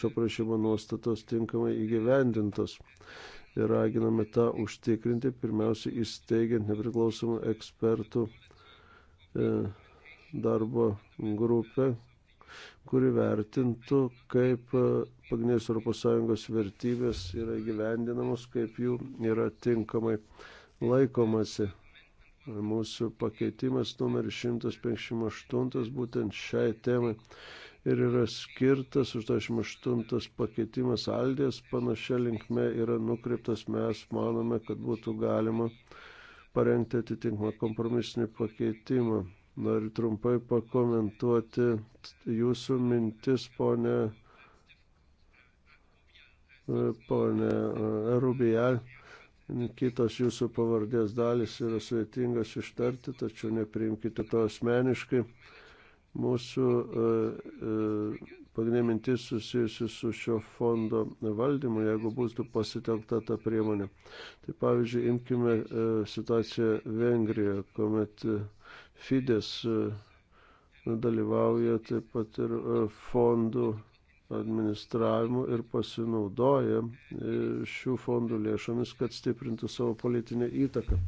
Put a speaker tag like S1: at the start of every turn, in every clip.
S1: šio prašymo nuostatos tinkamai įgyvendintos. Ir raginame tą užtikrinti, pirmiausia, įsteigiant nepriklausomų ekspertų e, darbo grupę, kuri vertintų, kaip e, pagrindinės ES vertybės yra gyvendinamos, kaip jų yra tinkamai laikomasi. Mūsų pakeitimas numeris 158 būtent šiai temai ir yra skirtas 88 pakeitimas Aldės panašia linkme yra nukreiptas. Mes manome, kad būtų galima parengti atitinkamą kompromisinį pakeitimą. Noriu trumpai pakomentuoti jūsų mintis, ponė, ponė e, Rubijal. Kitos jūsų pavardės dalis yra sveitingas ištarti, tačiau nepriimkite to asmeniškai. Mūsų e, e, pagrindinė mintis susijusi su šio fondo valdymu, jeigu būtų pasitelkta ta priemonė. Tai pavyzdžiui, imkime e, situaciją Vengrijoje, kuomet Fides dalyvauja taip pat ir fondų administravimu ir pasinaudoja šių fondų lėšomis, kad stiprintų savo politinę įtaką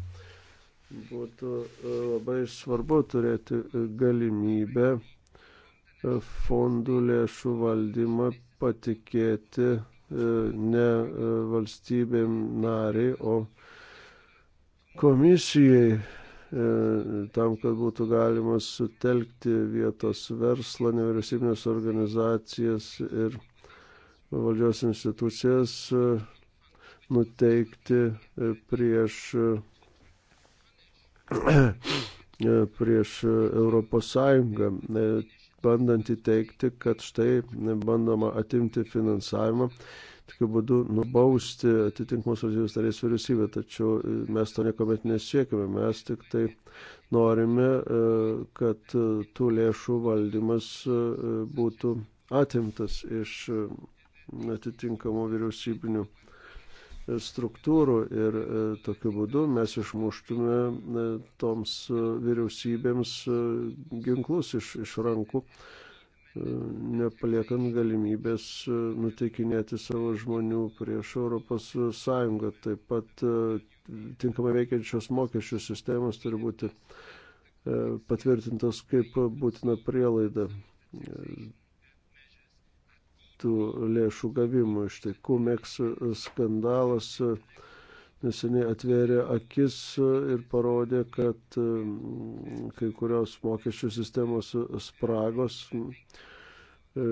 S1: būtų e, labai svarbu turėti galimybę e, fondų lėšų valdymą patikėti e, ne valstybėm nariai, o komisijai, tam, kad būtų galima sutelkti vietos verslą, nevyriausybinės organizacijas ir valdžios institucijas nuteikti prieš prieš Europos Sąjungą, e, bandant įteikti, kad štai bandoma atimti finansavimą, tokiu būdu nubausti atitinkamos valstybės narės vyriausybę, tačiau e, mes to niekuomet nesiekime, mes tik tai norime, e, kad tų lėšų valdymas būtų atimtas iš atitinkamų vyriausybinių struktūrų ir e, tokiu būdu mes išmuštume e, toms e, vyriausybėms ginklus iš, iš rankų, nepaliekant galimybės nuteikinėti savo žmonių prieš Europos Sąjungą. Taip pat tinkamai veikiančios mokesčių sistemos turi būti patvirtintos kaip būtina prielaida tų lėšų gavimui. Štai Kumeks skandalas neseniai atvėrė akis ir parodė, kad mm, kai kurios mokesčių sistemos spragos mm, e,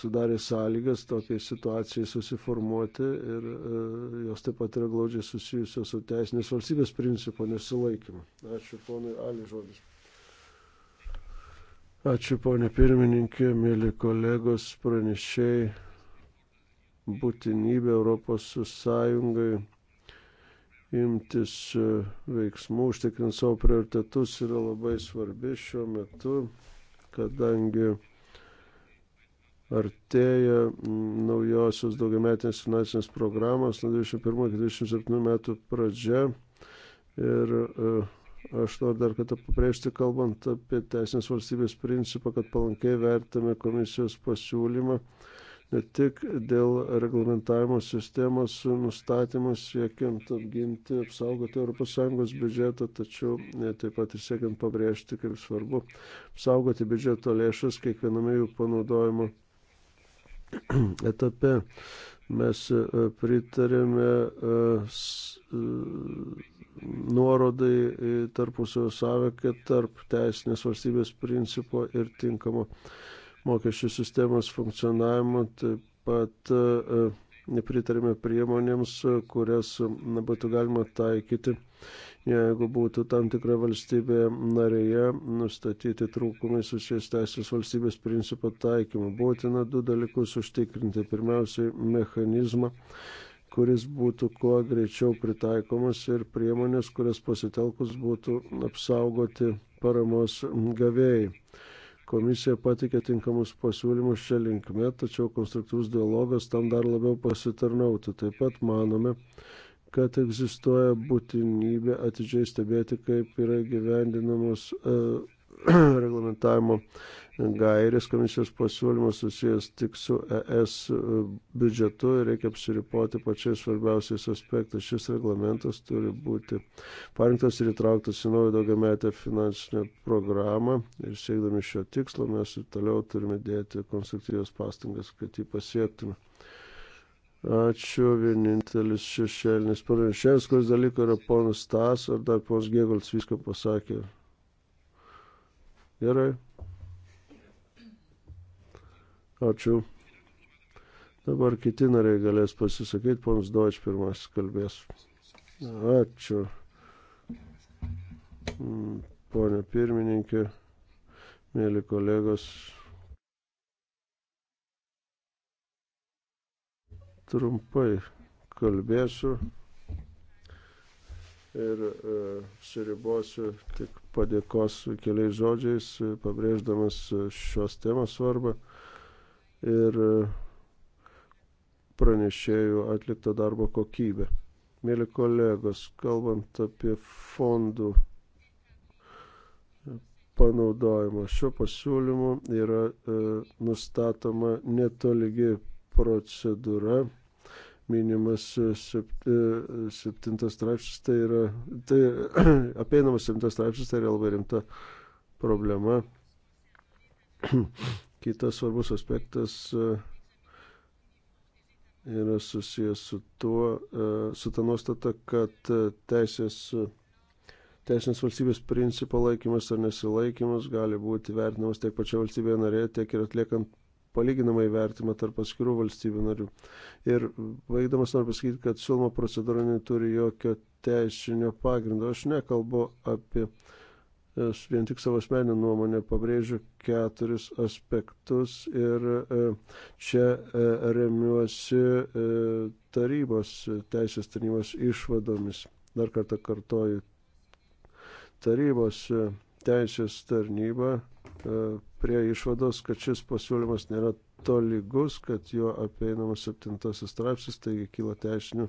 S1: sudarė sąlygas tokiai situacijai susiformuoti ir e, jos taip pat yra glaudžiai susijusios su teisinės valstybės principo nesilaikymu. Ačiū ponui Ali žodis. Ačiū, ponė pirmininkė, mėly kolegos, pranešiai būtinybė Europos Sąjungai imtis e, veiksmų, užtikrint savo prioritetus yra labai svarbi šiuo metu, kadangi artėja naujosios daugiametinės finansinės programos nuo 2021-2027 metų pradžia ir uh, Aš noriu dar kartą pabrėžti, kalbant apie teisinės valstybės principą, kad palankiai vertame komisijos pasiūlymą ne tik dėl reglamentavimo sistemos nustatymo siekiant apginti, apsaugoti ES biudžetą, tačiau taip pat ir siekiant pabrėžti, kaip svarbu apsaugoti biudžeto lėšas kiekviename jų panaudojimo etape. Mes e, pritarėme e, e, nuorodai tarpusio sąveikia tarp teisinės valstybės principo ir tinkamo mokesčių sistemos funkcionavimo, taip pat nepritarėme priemonėms, kurias būtų galima taikyti, jeigu būtų tam tikra valstybė narėje nustatyti trūkumai susijęs teisės valstybės principo taikymu. Būtina du dalykus užtikrinti. Pirmiausiai, mechanizmą kuris būtų kuo greičiau pritaikomas ir priemonės, kurias pasitelkus būtų apsaugoti paramos gavėjai. Komisija patikė tinkamus pasiūlymus šią linkmę, tačiau konstruktyvus dialogas tam dar labiau pasitarnautų. Taip pat manome, kad egzistuoja būtinybė atidžiai stebėti, kaip yra gyvendinamos e, reglamentavimo gairės komisijos pasiūlymas susijęs tik su ES biudžetu ir reikia apsiripoti pačiais svarbiausiais aspektais. Šis reglamentas turi būti parinktas ir įtrauktas į naują daugiametę finansinę programą ir siekdami šio tikslo mes ir toliau turime dėti konstruktyvės pastangas, kad jį pasiektume. Ačiū, vienintelis šešėlinis pranešėjas, kuris dalyko yra ponas Tas, ar dar ponas Gėgolis viską pasakė. Gerai. Ačiū. Dabar kiti nariai galės pasisakyti, ponas Doč pirmas kalbės. Ačiū. Mm, Pone pirmininkė, mėly kolegos. Trumpai kalbėsiu ir e, siribosiu tik padėkos keliais žodžiais, pabrėždamas šios temos svarbą. E, ir pranešėjų atlikto darbo kokybę. Mėly kolegos, kalbant apie fondų panaudojimą, šiuo pasiūlymu yra e, nustatoma netolygi procedūra minimas e, e, septintas straipsnis, tai yra, tai apeinamas septintas straipsnis, tai yra labai rimta problema. Kitas svarbus aspektas e, yra susijęs su, tuo, e, su ta nuostata, kad e, teisės, teisinės valstybės principo laikymas ar nesilaikymas gali būti vertinamas tiek pačioje valstybėje narėje, tiek ir atliekant palyginamą įvertimą tarp atskirų valstybių narių. Ir baigdamas noriu pasakyti, kad siūloma procedūra neturi jokio teisinio pagrindo. Aš nekalbu apie Aš vien tik savo asmeninę nuomonę pabrėžiu keturis aspektus ir e, čia e, remiuosi e, tarybos, teisės tarybos išvadomis. Dar kartą kartoju, tarybos teisės tarnyba prie išvados, kad šis pasiūlymas nėra tolygus, kad juo apeinamas septintasis straipsnis, taigi kyla teisinių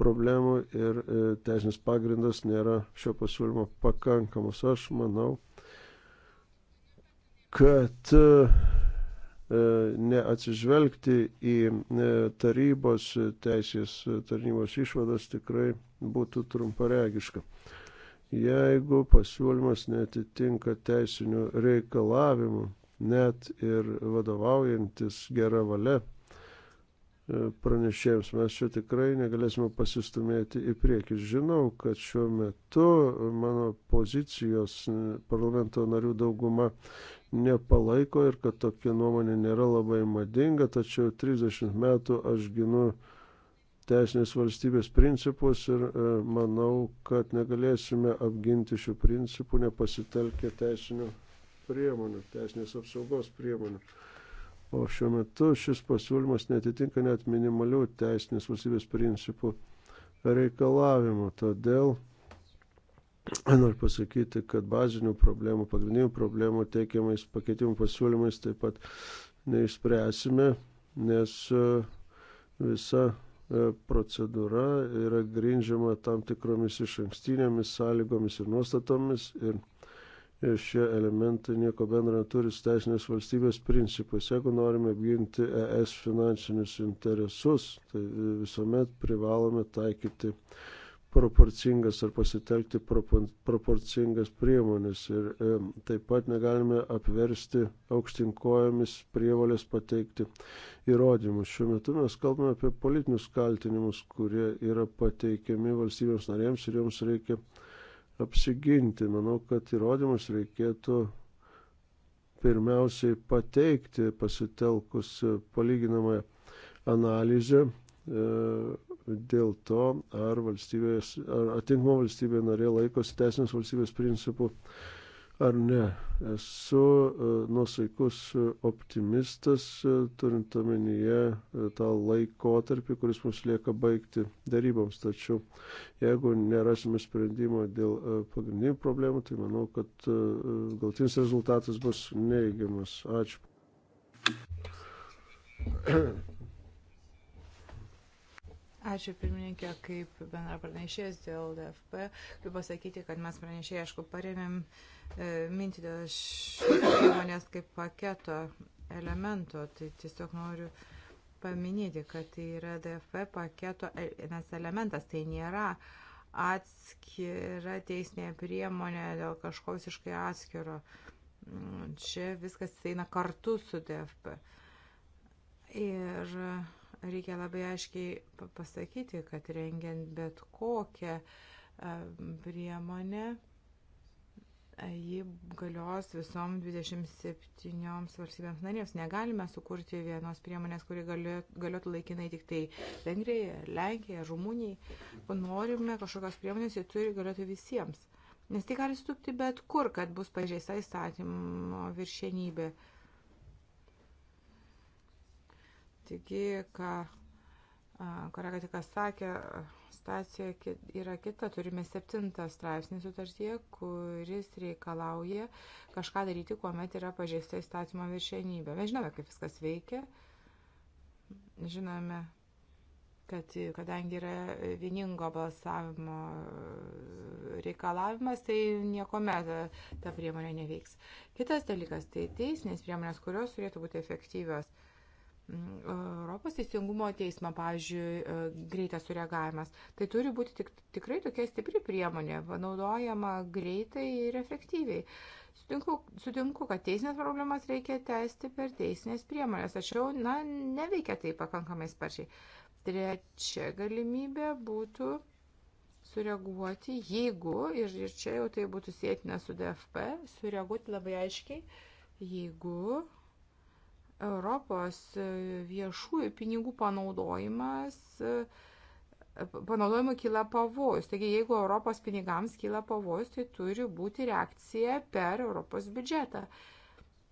S1: problemų ir e, teisinis pagrindas nėra šio pasiūlymo pakankamas. Aš manau, kad e, neatsižvelgti į e, tarybos teisės tarnybos išvadas tikrai būtų trumparegiška. Jeigu pasiūlymas netitinka teisinių reikalavimų, net ir vadovaujantis gera valia e, pranešėjams mes čia tikrai negalėsime pasistumėti į priekį. Žinau, kad šiuo metu mano pozicijos e, parlamento narių dauguma nepalaiko ir kad tokia nuomonė nėra labai madinga, tačiau 30 metų aš ginu teisinės valstybės principus ir e, manau, kad negalėsime apginti šių principų nepasitelkę teisinių priemonių, teisinės apsaugos priemonių. O šiuo metu šis pasiūlymas netitinka net minimalių teisinės valstybės principų reikalavimų. Todėl noriu pasakyti, kad bazinių problemų, pagrindinių problemų teikiamais pakeitimų pasiūlymais taip pat neišspręsime, nes e, visa e, procedūra yra grindžiama tam tikromis iš ankstinėmis sąlygomis ir nuostatomis ir šie elementai nieko bendro neturi su teisinės valstybės principais. Jeigu norime apginti ES finansinius interesus, tai visuomet privalome taikyti proporcingas ar pasitelkti proporcingas priemonės ir e, taip pat negalime apversti aukštinkojomis prievalės pateikti įrodymus. Šiuo metu mes kalbame apie politinius kaltinimus, kurie yra pateikiami valstybėms narėms ir joms reikia apsiginti. Manau, kad įrodymus reikėtų pirmiausiai pateikti pasitelkus palyginamąją analizę e, dėl to, ar, ar atinkama valstybė narė laikosi teisinės valstybės principų ar ne. Esu e, nusaikus optimistas, e, turint omenyje e, tą laikotarpį, kuris mums lieka baigti daryboms. Tačiau jeigu nerasime sprendimo dėl pagrindinių problemų, tai manau, kad galtinis rezultatas bus neįgiamas. Ačiū.
S2: Ačiū pirmininkė, kaip bendra pranešėjas dėl DFP. Kaip pasakyti, kad mes pranešėjai, aišku, paremėm uh, E, mintį dėl šios priemonės kaip paketo elemento. Tai tiesiog noriu paminėti, kad tai yra DFP paketo e, elementas. Tai nėra atskira teisinė priemonė dėl kažko visiškai atskiro. Mm, čia viskas eina kartu su DFP. Ir reikia labai aiškiai pasakyti, kad rengiant bet kokią e, priemonę, ji galios visom 27 valstybėms narėms. Negalime sukurti vienos priemonės, kuri galėtų laikinai tik tai Vengrijai, Lenkijai, Rumunijai. Ko norime kažkokios priemonės, ji turi galėtų visiems. Nes tai gali stupti bet kur, kad bus pažeista įstatymo viršienybė. Taigi, ką kolega tik sakė, situacija yra kita. Turime septintą straipsnį sutartyje, kuris reikalauja kažką daryti, kuomet yra pažeista įstatymo viršenybė. Mes žinome, kaip viskas veikia. Žinome, kad kadangi yra vieningo balsavimo reikalavimas, tai nieko metą ta priemonė neveiks. Kitas dalykas - tai teisinės priemonės, kurios turėtų būti efektyvios Europos teisingumo teismo, pavyzdžiui, e, greitas sureagavimas. Tai turi būti tik, tikrai tokia stipri priemonė, naudojama greitai ir efektyviai. Sutinku, sutinku, kad teisinės problemas reikia tęsti per teisinės priemonės, tačiau, na, neveikia tai pakankamai sparčiai. Trečia galimybė būtų sureaguoti, jeigu, ir, ir čia jau tai būtų sėtina su DFP, sureaguoti labai aiškiai, jeigu Europos e, viešųjų pinigų panaudojimas, e, panaudojimui kyla pavojus. Taigi, jeigu Europos pinigams kyla pavojus, tai turi būti reakcija per Europos biudžetą.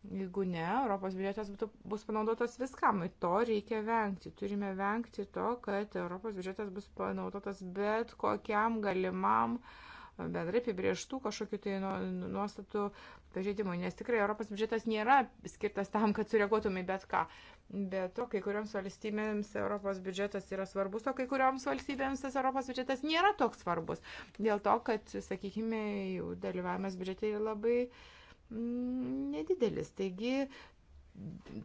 S2: Jeigu ne, Europos biudžetas būtų, bus panaudotas viskam, to reikia vengti. Turime vengti to, kad Europos biudžetas bus panaudotas bet kokiam galimam uh, bendrai apibrieštų kažkokių tai nu, nuostatų pažeidimų, nes tikrai Europos biudžetas nėra skirtas tam, kad sureaguotumai bet ką. Bet to, kai kurioms valstybėms Europos biudžetas yra svarbus, o kai kurioms valstybėms tas Europos biudžetas nėra toks svarbus. Dėl to, kad, sakykime, jų dalyvavimas biudžete yra labai mm, nedidelis. Taigi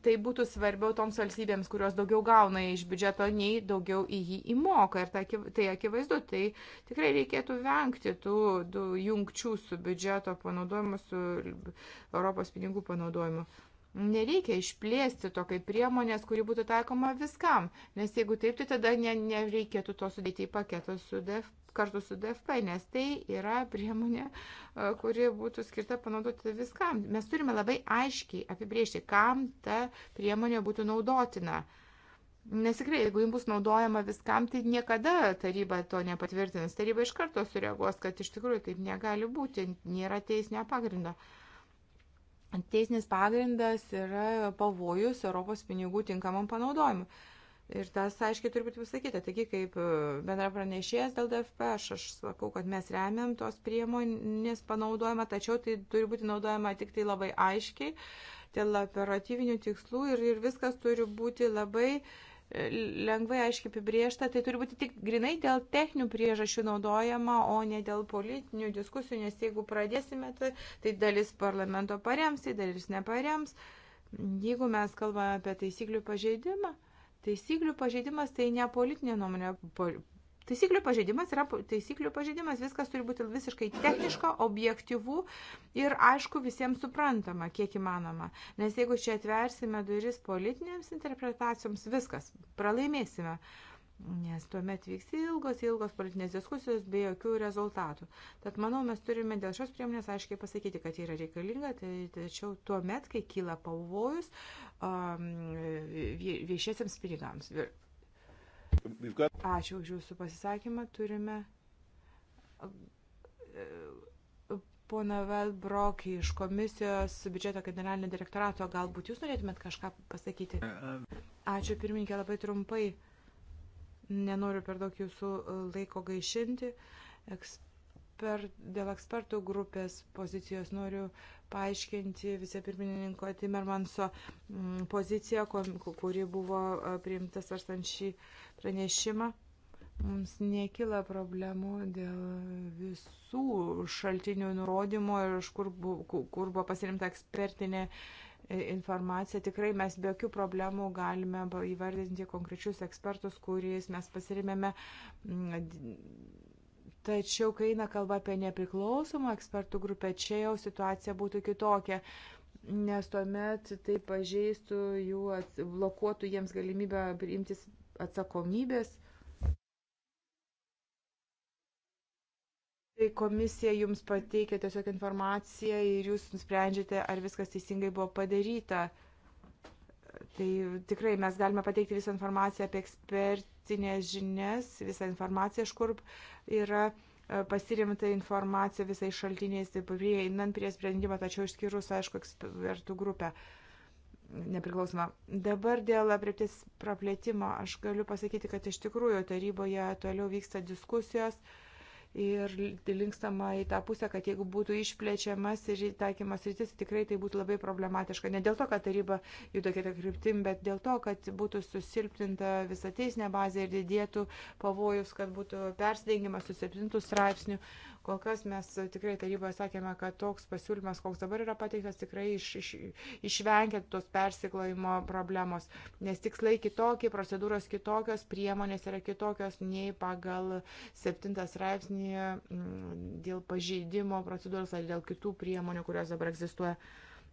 S2: tai būtų svarbiau toms valstybėms, kurios daugiau gauna iš biudžeto, nei daugiau į jį įmoka. Ir tai akivaizdu, tai tikrai reikėtų vengti tų, tų jungčių su biudžeto panaudojimu, su Europos pinigų panaudojimu nereikia išplėsti to kaip priemonės, kuri būtų taikoma viskam, nes jeigu taip, tai tada ne, nereikėtų to sudėti į paketą su DF, kartu su DFP, nes tai yra priemonė, e, kuri būtų skirta panaudoti viskam. Mes turime labai aiškiai apibriežti, kam ta priemonė būtų naudotina. Nes tikrai, jeigu jums bus naudojama viskam, tai niekada taryba to nepatvirtins. Taryba iš karto sureaguos, kad iš tikrųjų taip negali būti, nėra teisinio pagrindo. Uh, teisinis pagrindas yra pavojus Europos pinigų tinkamam panaudojimui. Ir tas aiškiai turi būti pasakyta. Taigi, kaip e, bendra pranešėjas dėl DFP, aš, aš sakau, kad mes remiam tos priemonės panaudojimą, tačiau tai turi būti naudojama tik tai labai aiškiai dėl operatyvinių tikslų ir, ir viskas turi būti labai uh, lengvai aiškiai apibriešta, tai turi būti tik grinai dėl techninių priežasčių naudojama, o ne dėl politinių diskusijų, nes jeigu pradėsime, tai, tai dalis parlamento parems, tai dalis neparems. Jeigu mes kalbame apie taisyklių pažeidimą, taisyklių pažeidimas tai ne politinė nuomonė, Taisyklių pažeidimas yra taisyklių pažeidimas, viskas turi būti visiškai techniška, objektivų ir aišku visiems suprantama, kiek įmanoma. Nes jeigu čia atversime duris politinėms interpretacijoms, viskas, pralaimėsime. Nes tuomet vyks ilgos, ilgos politinės diskusijos be jokių rezultatų. Tad manau, mes turime dėl šios priemonės aiškiai pasakyti, kad yra reikalinga, tai, tačiau tuomet, kai kyla pavojus um, viešiesiams pinigams, Ačiū už Jūsų pasisakymą. Turime e, Pona Velbrok iš komisijos biudžeto generalinio direktorato, galbūt jūs norėtumėt kažką pasakyti? E, e. Ačiū pirmininkė labai trumpai. Nenoriu per daug jūsų laiko gaišinti. Ekspertai eksper, dėl ekspertų grupės pozicijos noriu paaiškinti vicepirmininko Timermanso mm, poziciją, kuri buvo priimta svarstant šį pranešimą. Mums nekyla problemų dėl visų šaltinių nurodymo ir iš kur, kur buvo pasirimta ekspertinė e, informaciją. Tikrai mes be jokių problemų galime įvardinti konkrečius ekspertus, kuriais mes pasirimėme mm, Tačiau, kai eina kalba apie nepriklausomą ekspertų grupę, čia jau situacija būtų kitokia, nes tuomet tai pažeistų jų, ats, blokuotų jiems galimybę imtis atsakomybės. Tai komisija jums pateikia tiesiog informaciją ir jūs nusprendžiate, ar viskas teisingai buvo padaryta. Tai tikrai mes galime pateikti visą informaciją apie ekspertinės žinias, visą informaciją, iš kur yra e, pasirimta informacija visais šaltiniais, taip prieinant prie sprendimo, tačiau išskyrus, aišku, ekspertų grupę nepriklausoma. Dabar dėl apriptis praplėtimo aš galiu pasakyti, kad iš tikrųjų taryboje toliau vyksta diskusijos. Uh, ir linkstama į tą pusę, kad jeigu būtų išplečiamas ir taikymas rytis, tikrai tai būtų labai problematiška. Ne dėl to, kad taryba juda kitą kryptim, bet dėl to, kad būtų susilpninta visa teisinė bazė ir didėtų pavojus, kad būtų persidengimas su septintų straipsnių. Uh, Kol kas mes e, tikrai taryboje sakėme, kad toks pasiūlymas, koks dabar yra pateiktas, tikrai iš, iš, išvengia tos persiklojimo problemos, nes tikslai kitokie, procedūros kitokios, priemonės yra kitokios nei pagal septintas straipsnį mm, dėl pažeidimo procedūros ar dėl kitų priemonių, kurios dabar egzistuoja.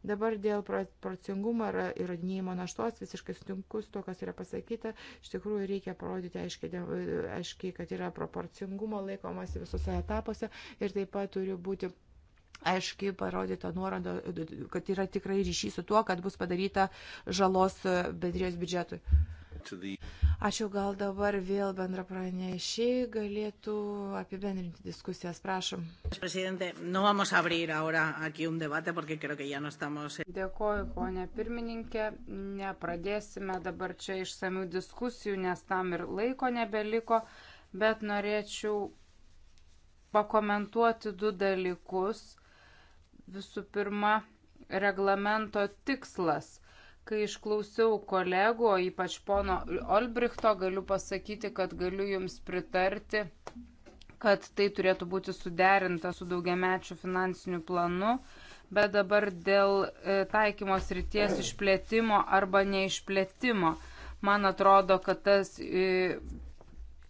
S2: Dabar dėl proporcingumo ir įrodinėjimo naštos visiškai sutinku su to, kas yra pasakyta. Iš tikrųjų, reikia parodyti aiškiai, aiškiai kad yra proporcingumo laikomasi visose etapuose ir taip pat turi būti aiškiai parodyta nuoroda, kad yra tikrai ryšys su tuo, kad bus padaryta žalos bendrijos biudžetui. Aš jau gal dabar vėl bendra pranešiai galėtų apibendrinti diskusijas, prašom.
S3: Dėkoju, ponė pirmininkė, nepradėsime dabar čia išsamių diskusijų, nes tam ir laiko nebeliko, bet norėčiau pakomentuoti du dalykus. Visų pirma, reglamento tikslas Kai išklausiau kolego, ypač pono Olbrichto, galiu pasakyti, kad galiu jums pritarti, kad tai turėtų būti suderinta su daugiamečiu finansiniu planu, bet dabar dėl e, taikymos ryties išplėtimo arba neišplėtimo. Man atrodo, kad tas, e,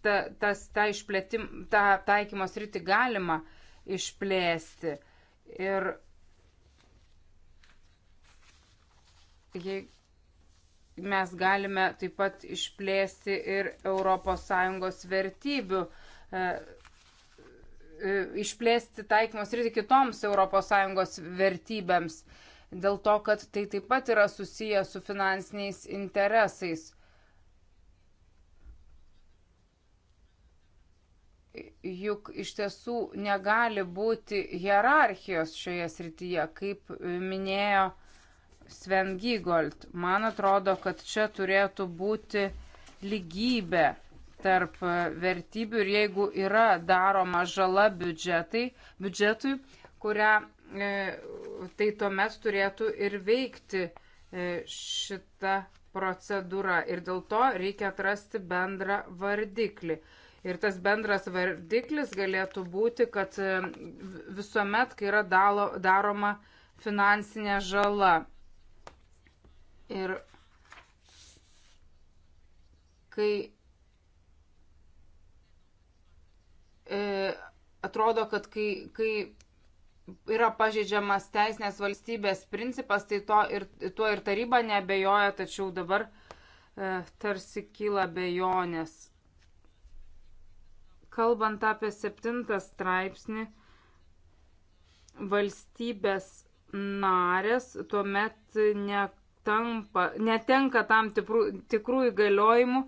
S3: ta, tas, ta išplėtim, ta taikymos rytį galima išplėsti. Ir jei mes galime taip pat išplėsti ir ES vertybių, e, e, išplėsti taikymos rytį kitoms ES vertybėms, dėl to, kad tai taip pat yra susiję su finansiniais interesais. Juk iš tiesų negali būti hierarchijos šioje srityje, kaip minėjo Sven Gygold. Man atrodo, kad čia turėtų būti lygybė tarp e, vertybių ir jeigu yra daroma žala biudžetai, biudžetui, kurią e, tai tuomet turėtų ir veikti e, šita procedūra. Ir dėl to reikia atrasti bendrą vardiklį. Ir tas bendras vardiklis galėtų būti, kad e, visuomet, kai yra dalo, daroma finansinė žala, Ir kai e, atrodo, kad kai, kai yra pažeidžiamas teisinės valstybės principas, tai to ir, tuo ir taryba nebejoja, tačiau dabar e, tarsi kyla bejonės. Kalbant apie septintą straipsnį, valstybės narės tuomet ne tampa, netenka tam tikrų, tikrų įgaliojimų,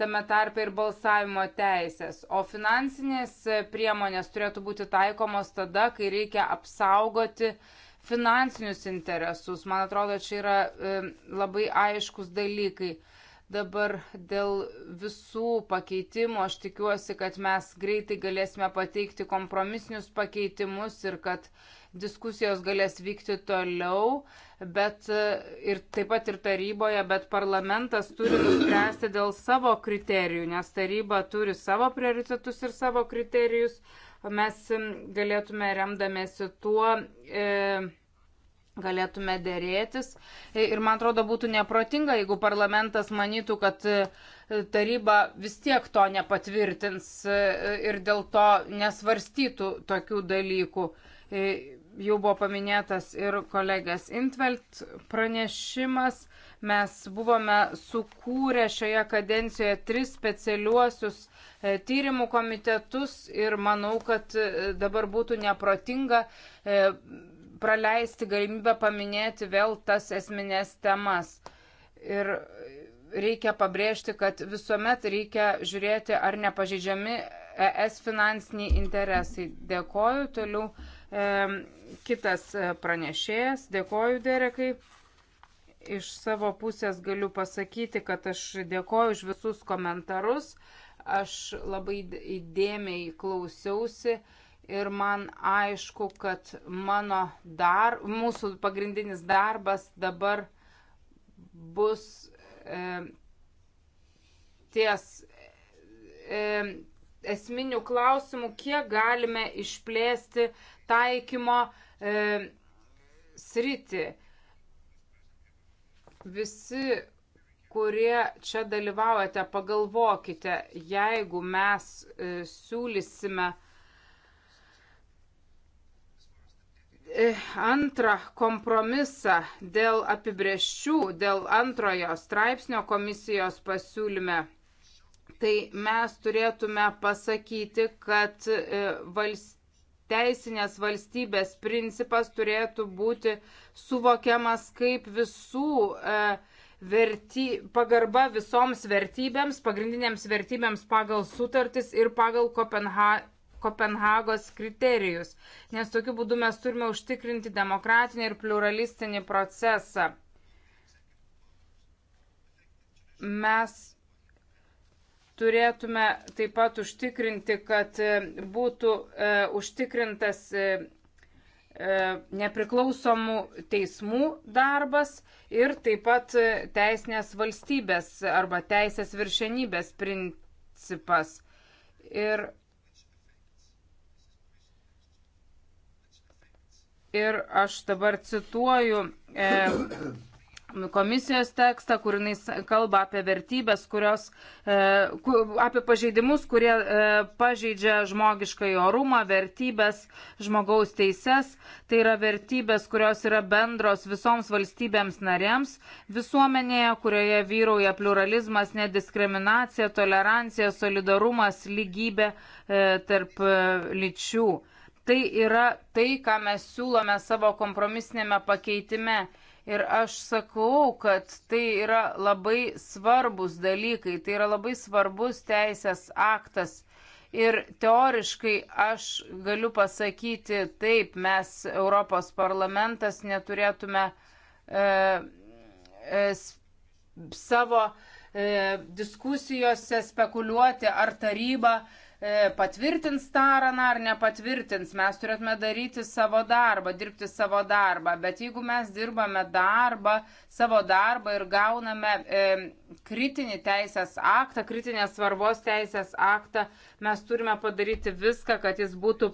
S3: tame tarpe ir balsavimo teisės. O finansinės priemonės turėtų būti taikomos tada, kai reikia apsaugoti finansinius interesus. Man atrodo, čia yra e, labai aiškus dalykai. E, Dabar dėl visų pakeitimų aš tikiuosi, kad mes greitai galėsime pateikti kompromisinius pakeitimus ir kad diskusijos galės vykti toliau, bet e, ir taip pat ir taryboje, bet parlamentas turi nuspręsti dėl savo kriterijų, nes taryba turi savo prioritetus ir savo kriterijus, o mes galėtume remdamėsi tuo. E, galėtume dėrėtis. Ir man atrodo, būtų neprotinga, jeigu parlamentas manytų, kad e, taryba vis tiek to nepatvirtins e, ir dėl to nesvarstytų tokių dalykų. E, jau buvo paminėtas ir kolegės Intvelt pranešimas. Mes buvome sukūrę šioje kadencijoje tris specialiuosius tyrimų komitetus ir manau, kad dabar būtų neprotinga praleisti galimybę paminėti vėl tas esminės temas. Ir reikia pabrėžti, kad visuomet reikia žiūrėti, ar nepažeidžiami ES finansiniai interesai. Dėkoju, toliau e, kitas pranešėjas, dėkoju Derekai. Iš savo pusės galiu pasakyti, kad aš dėkoju už visus komentarus, aš labai įdėmiai klausiausi. E, ir man aišku, kad mano dar, mūsų pagrindinis darbas dabar bus e, ties e, esminių klausimų, kiek galime išplėsti taikymo e, sritį. Visi, kurie čia dalyvaujate, pagalvokite, jeigu mes e, siūlysime e, antrą kompromisą dėl apibrėžčių, dėl antrojo straipsnio komisijos pasiūlyme, tai mes turėtume pasakyti, kad e, valst, teisinės valstybės principas turėtų būti suvokiamas kaip visų e, verty, pagarba visoms vertybėms, pagrindinėms vertybėms pagal sutartis ir pagal Kopenha, Kopenhagos kriterijus, nes tokiu būdu mes turime užtikrinti demokratinį ir pluralistinį procesą. Mes turėtume taip pat užtikrinti, kad e, būtų e, užtikrintas e, e, nepriklausomų teismų darbas ir taip pat e, teisinės valstybės arba teisės viršenybės principas. Ir Ir aš dabar cituoju. E, komisijos tekstą, kur jis kalba apie vertybės, kurios, e, apie pažeidimus, kurie e, pažeidžia žmogišką orumą, vertybės, žmogaus teises. Tai yra vertybės, kurios yra bendros visoms valstybėms narėms visuomenėje, kurioje vyrauja pluralizmas, nediskriminacija, tolerancija, solidarumas, lygybė e, tarp lyčių tai yra tai, ką mes siūlome savo kompromisinėme pakeitime. Ir aš sakau, kad tai yra labai svarbus dalykai, tai yra labai svarbus teisės aktas. Ir teoriškai aš galiu pasakyti, taip, mes Europos parlamentas neturėtume e, e, savo e, diskusijose spekuliuoti, ar taryba e, E, patvirtins taraną ar nepatvirtins. Mes turėtume daryti savo darbą, dirbti savo darbą. Bet jeigu mes dirbame darbą, savo darbą ir gauname e, kritinį teisės aktą, kritinės svarbos teisės aktą, mes turime padaryti viską, kad jis būtų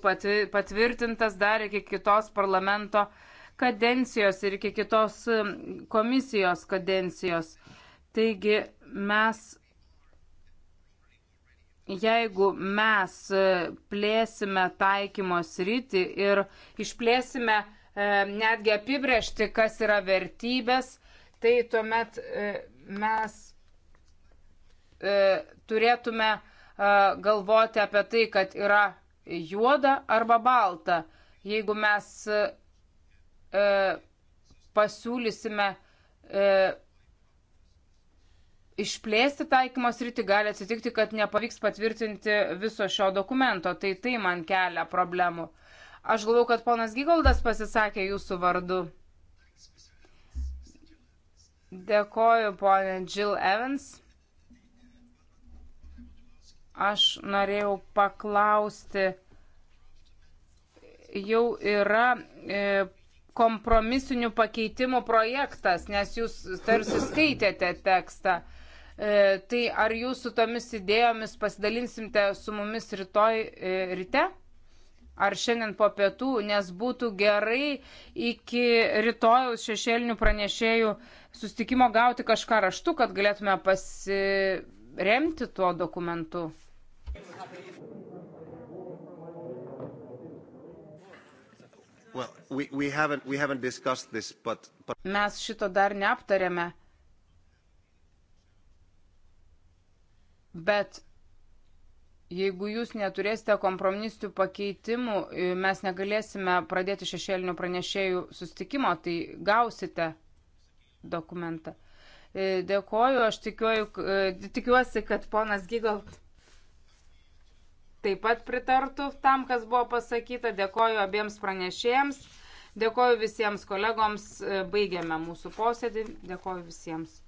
S3: patvirtintas dar iki kitos parlamento kadencijos ir iki kitos komisijos kadencijos. Taigi mes jeigu mes e, plėsime taikymo sritį ir išplėsime e, netgi apibrėžti, kas yra vertybės, tai tuomet e, mes turėtume galvoti apie tai, kad yra juoda arba balta. Jeigu mes pasiūlysime išplėsti taikymo sritį, gali atsitikti, kad nepavyks patvirtinti viso šio dokumento. Tai tai man kelia problemų. Aš galvau, kad ponas Gygaldas pasisakė jūsų vardu. Dėkoju, ponė Jill Evans. Aš norėjau paklausti, jau yra e, kompromisinių pakeitimų projektas, nes jūs tarsi skaitėte tekstą. E, E, tai ar jūs su tomis idėjomis pasidalinsite su mumis rytoj e, ryte? Ar šiandien po pietų, nes būtų gerai iki rytojaus šešėlinių pranešėjų sustikimo gauti kažką raštu, kad galėtume pasiremti tuo dokumentu.
S1: Well, we, we haven't, we haven't this, but,
S3: but... Mes šito dar neaptarėme. Bet jeigu jūs neturėsite kompromisų pakeitimų, e, mes negalėsime pradėti šešėlinių pranešėjų sustikimo, tai gausite dokumentą. E, dėkoju, aš tikiuoju, e, tikiuosi, kad ponas Gigalt taip pat pritartų tam, kas buvo pasakyta. Dėkoju abiems pranešėjams, dėkoju visiems kolegoms, baigiame mūsų posėdį, dėkoju visiems.